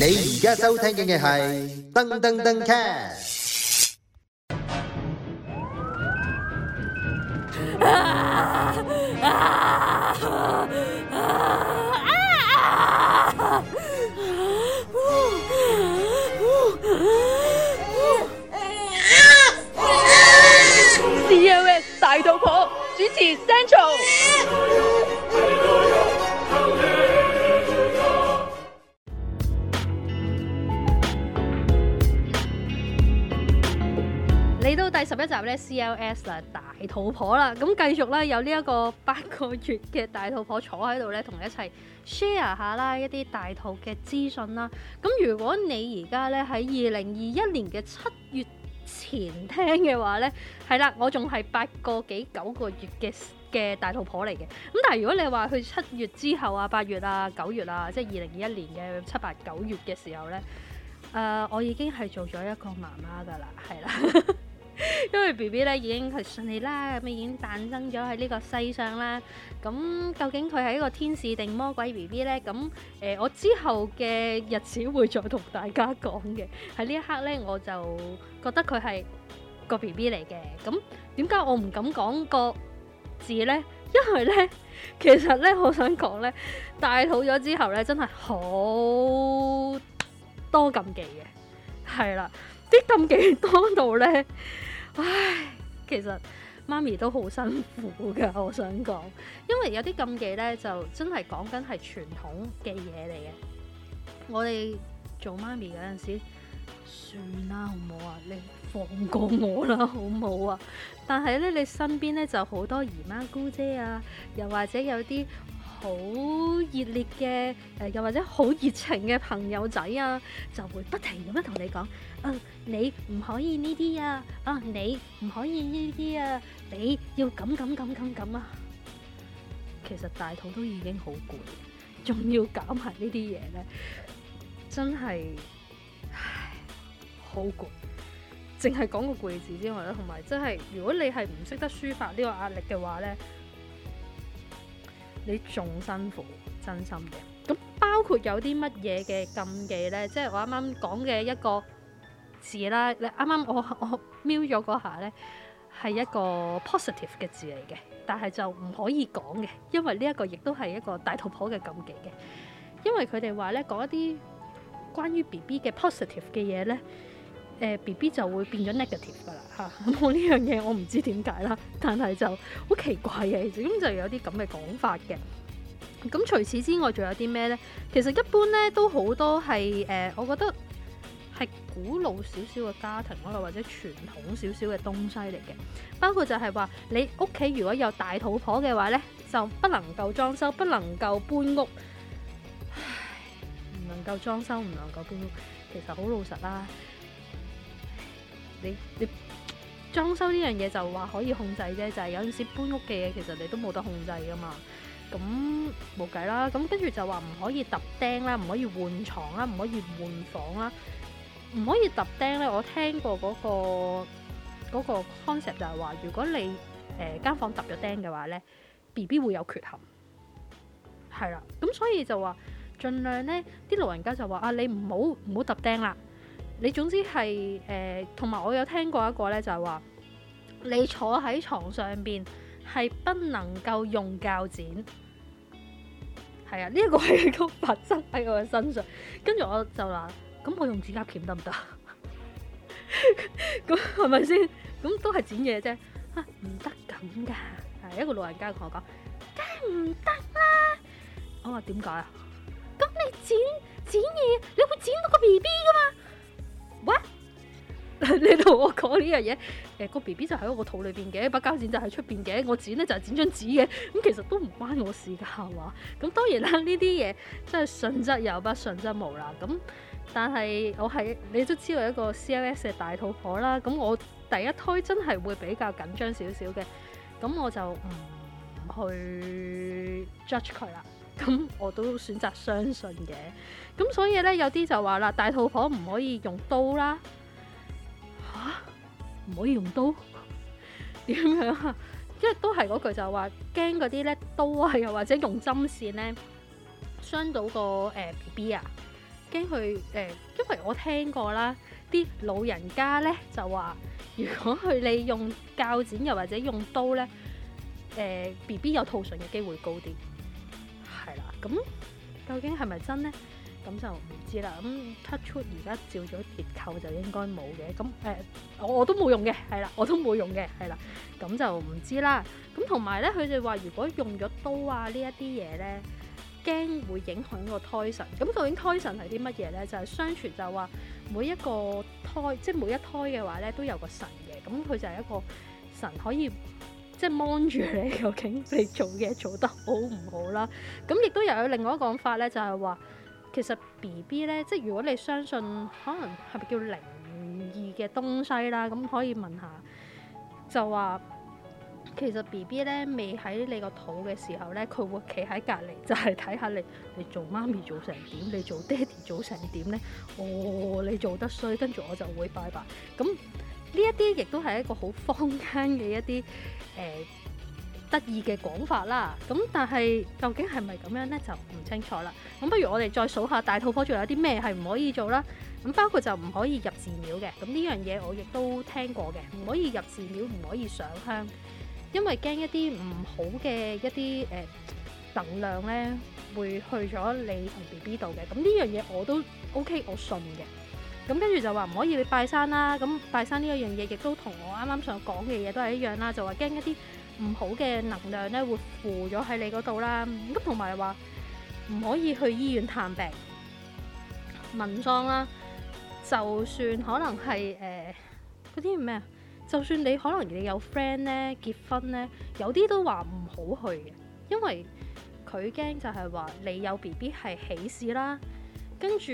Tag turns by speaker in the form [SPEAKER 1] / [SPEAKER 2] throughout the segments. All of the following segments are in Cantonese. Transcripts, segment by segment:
[SPEAKER 1] 你而家收聽嘅係登登登 cat。COS 大肚婆主持 Central。咧 CLS 啊大肚婆啦，咁繼續咧有呢一個八個月嘅大肚婆坐喺度咧，同你一齊 share 下啦一啲大肚嘅資訊啦。咁如果你而家咧喺二零二一年嘅七月前聽嘅話咧，係啦，我仲係八個幾九個月嘅嘅大肚婆嚟嘅。咁但係如果你話去七月之後啊八月啊九月啊，即係二零二一年嘅七八九月嘅時候咧，誒、呃，我已經係做咗一個媽媽㗎啦，係啦。 因為 B B 咧已經係順利啦，咁已經誕生咗喺呢個世上啦。咁究竟佢係一個天使定魔鬼 B B 咧？咁誒、呃，我之後嘅日子會再同大家講嘅。喺呢一刻咧，我就覺得佢係個 B B 嚟嘅。咁點解我唔敢講個字咧？因為咧，其實咧，我想講咧，大肚咗之後咧，真係好多禁忌嘅。係啦，啲禁忌多到咧。唉，其實媽咪都好辛苦㗎，我想講，因為有啲禁忌呢，就真係講緊係傳統嘅嘢嚟嘅。我哋做媽咪有陣時，算啦，好冇啊，你放過我啦，好冇啊？但係呢，你身邊呢，就好多姨媽姑姐啊，又或者有啲，好熱烈嘅，誒、呃、又或者好熱情嘅朋友仔啊，就會不停咁樣同你講，啊、呃、你唔可以呢啲啊，啊、呃、你唔可以呢啲啊，你要咁咁咁咁咁啊。其實大肚都已經好攰，仲要搞埋呢啲嘢咧，真係，唉，好攰。淨係講個攰字之外咧，同埋真係，如果你係唔識得抒發呢個壓力嘅話咧。你仲辛苦，真心嘅。咁包括有啲乜嘢嘅禁忌呢？即係我啱啱講嘅一個字啦。你啱啱我我瞄咗嗰下呢，係一個 positive 嘅字嚟嘅，但係就唔可以講嘅，因為呢一個亦都係一個大肚婆嘅禁忌嘅，因為佢哋話呢，講一啲關於 BB 嘅 positive 嘅嘢呢。誒 B B 就會變咗 negative 噶啦嚇，咁、啊、我呢樣嘢我唔知點解啦，但係就好奇怪嘅，咁就有啲咁嘅講法嘅。咁除此之外，仲有啲咩呢？其實一般呢都好多係誒、呃，我覺得係古老少少嘅家庭咯，或者傳統少少嘅東西嚟嘅。包括就係話你屋企如果有大肚婆嘅話呢，就不能夠裝修，不能夠搬屋，唉，唔能夠裝修，唔能夠搬屋，其實好老實啦。你你裝修呢樣嘢就話可以控制啫，就係有陣時搬屋嘅嘢其實你都冇得控制噶嘛。咁冇計啦。咁跟住就話唔可以揼釘啦，唔可以換床啦，唔可以換房啦，唔可以揼釘咧。我聽過嗰個嗰個 concept 就係話，如果你誒間房揼咗釘嘅話咧，BB 會有缺陷。係啦，咁所以就話盡量咧，啲老人家就話啊，你唔好唔好揼釘啦。你總之係誒，同、呃、埋我有聽過一個咧，就係話你坐喺床上邊係不能夠用鉸剪，係啊，呢、這個、一個係個發生喺我嘅身上。跟住我就話：咁我用指甲鉗得唔得？咁係咪先？咁都係剪嘢啫，啊唔得咁㗎。係、啊、一個老人家同我講：梗係唔得啦！我話點解啊？咁你剪剪嘢，你會剪到個 BB 㗎嘛？ 你同我講呢樣嘢，誒、呃，個 B B 就喺我個肚裏邊嘅，把較剪就喺出邊嘅，我剪咧就係、是、剪張紙嘅，咁其實都唔關我事噶係嘛，咁當然啦，呢啲嘢真係信則有，不信則無啦，咁但係我係你都知道一個 C L S 嘅大肚婆啦，咁我第一胎真係會比較緊張少少嘅，咁我就唔去 judge 佢啦，咁我都選擇相信嘅，咁所以咧有啲就話啦，大肚婆唔可以用刀啦。唔可以用刀點樣啊？即係都係嗰句就係話驚嗰啲咧刀啊，又或者用針線咧傷到個誒 B B 啊，驚佢誒，因為我聽過啦，啲老人家咧就話，如果佢你用鉸剪又或者用刀咧，誒 B B 有兔唇嘅機會高啲，係啦。咁究竟係咪真咧？咁就唔知啦。咁 Touchwood 而家照咗結構，就應該冇嘅。咁誒，我我都冇用嘅，係啦，我都冇用嘅，係啦。咁就唔知啦。咁同埋咧，佢哋話如果用咗刀啊呢一啲嘢咧，驚會影響個胎神。咁究竟胎神係啲乜嘢咧？就係相傳就話每一個胎，即係每一胎嘅話咧，都有個神嘅。咁佢就係一個神可以即係望住你究竟你做嘢做得好唔好啦。咁亦都有另外一個講法咧，就係話，其實 B B 咧，即係如果你相信，可能係咪叫靈異嘅東西啦？咁可以問下，就話其實 B B 咧未喺你個肚嘅時候咧，佢會企喺隔離，就係睇下你你做媽咪做成點，你做爹哋做成點咧？哦，你做得衰，跟住我就會拜拜。咁呢一啲亦都係一個好坊間嘅一啲誒。呃得意嘅講法啦，咁但係究竟係咪咁樣呢？就唔清楚啦。咁不如我哋再數下大肚婆仲有啲咩係唔可以做啦。咁包括就唔可以入寺廟嘅，咁呢樣嘢我亦都聽過嘅，唔可以入寺廟，唔可以上香，因為驚一啲唔好嘅一啲誒、呃、能量呢，會去咗你同 B B 度嘅。咁呢樣嘢我都 O K，我信嘅。咁跟住就話唔可以去拜山啦。咁拜山呢一樣嘢亦都同我啱啱所講嘅嘢都係一樣啦，就話驚一啲。唔好嘅能量咧，會附咗喺你嗰度啦。咁同埋話唔可以去醫院探病、聞喪啦。就算可能係誒嗰啲咩啊，就算你可能你有 friend 咧，結婚咧，有啲都話唔好去嘅，因為佢驚就係話你有 BB 係喜事啦。跟住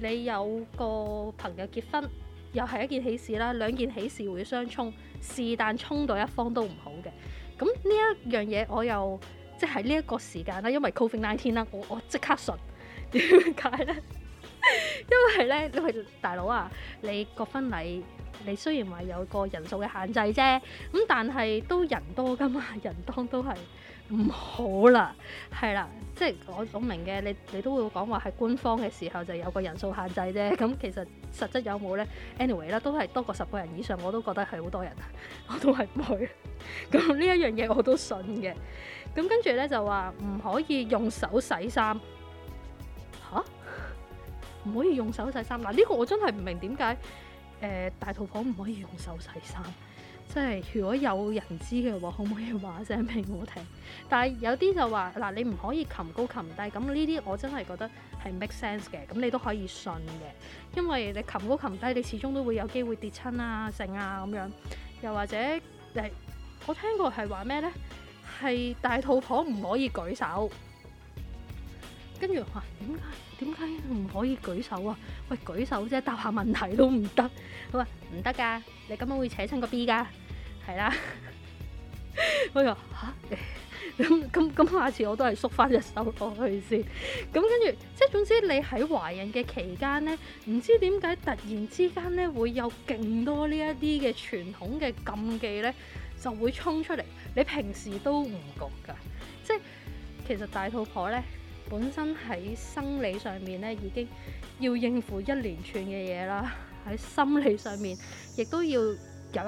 [SPEAKER 1] 你有個朋友結婚。又係一件喜事啦，兩件喜事會相衝，是但衝到一方都唔好嘅。咁呢一樣嘢，我又即係呢一個時間啦，因為 Covid 19啦，我我即刻信，點解咧？因為咧，因為大佬啊，你個婚禮你雖然話有個人數嘅限制啫，咁但係都人多㗎嘛，人多都係。唔好啦，係啦，即係我我明嘅，你你都會講話係官方嘅時候就有個人數限制啫。咁其實實質有冇呢？anyway 啦，anyway, 都係多過十個人以上，我都覺得係好多人，我都係唔去。咁呢一樣嘢我都信嘅。咁跟住呢，就話唔可以用手洗衫，吓、啊，唔可以用手洗衫嗱？呢、啊，這個我真係唔明點解、呃？大肚婆唔可以用手洗衫。即係如果有人知嘅話，可唔可以話聲俾我聽？ 但係有啲就話嗱，你唔可以擒高擒低，咁呢啲我真係覺得係 make sense 嘅，咁你都可以信嘅，因為你擒高擒低，你始終都會有機會跌親啊、剩啊咁樣，又或者誒，我聽過係話咩呢？係大肚婆唔可以舉手。跟住話點解點解唔可以舉手啊？喂，舉手啫，答下問，問題都唔得。佢話唔得㗎，你咁樣會扯親個 B 㗎，係啦。 我話吓！咁咁咁，哎、下次我都係縮翻隻手落去先。咁跟住，即係總之你喺懷孕嘅期間咧，唔知點解突然之間咧會有勁多呢一啲嘅傳統嘅禁忌咧，就會衝出嚟。你平時都唔覺㗎，即係其實大肚婆咧。本身喺生理上面咧，已經要應付一連串嘅嘢啦；喺 心理上面，亦都要有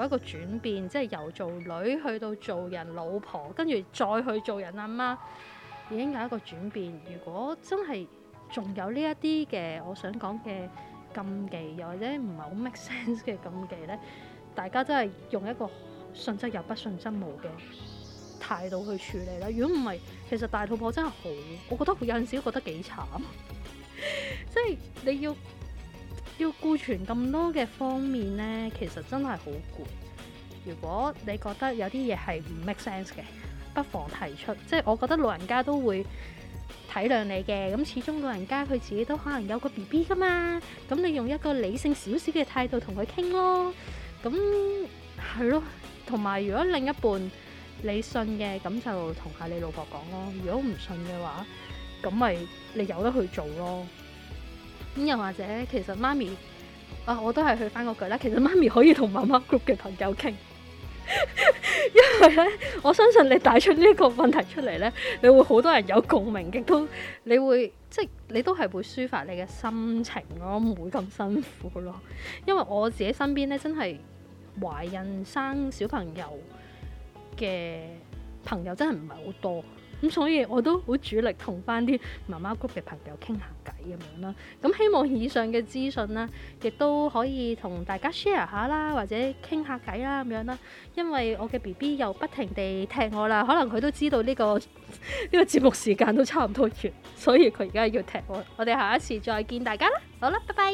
[SPEAKER 1] 一個轉變，即係由做女去到做人老婆，跟住再去做人阿媽，已經有一個轉變。如果真係仲有呢一啲嘅我想講嘅禁忌，又或者唔係好 make sense 嘅禁忌咧，大家都係用一個信則有，不信則無嘅。態度去處理啦。如果唔係，其實大肚婆真係好，我覺得有陣時覺得幾慘。 即係你要要顧全咁多嘅方面呢，其實真係好攰。如果你覺得有啲嘢係唔 make sense 嘅，不妨提出。即係我覺得老人家都會體諒你嘅。咁始終老人家佢自己都可能有個 BB 㗎嘛。咁你用一個理性少少嘅態度同佢傾咯。咁係咯。同埋如果另一半，你信嘅，咁就同下你老婆講咯。如果唔信嘅話，咁咪你有得去做咯。咁又或者其實媽咪啊，我都係去返嗰句啦。其實媽咪可以同媽媽 group 嘅朋友傾， 因為咧，我相信你帶出呢個問題出嚟咧，你會好多人有共鳴，亦都你會即係你都係會抒發你嘅心情咯，唔會咁辛苦咯。因為我自己身邊咧，真係懷孕生小朋友。嘅朋友真係唔係好多，咁所以我都好主力同翻啲媽媽谷嘅朋友傾下偈咁樣啦。咁希望以上嘅資訊啦，亦都可以同大家 share 下啦，或者傾下偈啦咁樣啦。因為我嘅 B B 又不停地踢我啦，可能佢都知道呢個呢 個節目時間都差唔多完，所以佢而家要踢我。我哋下一次再見大家啦，好啦，拜拜。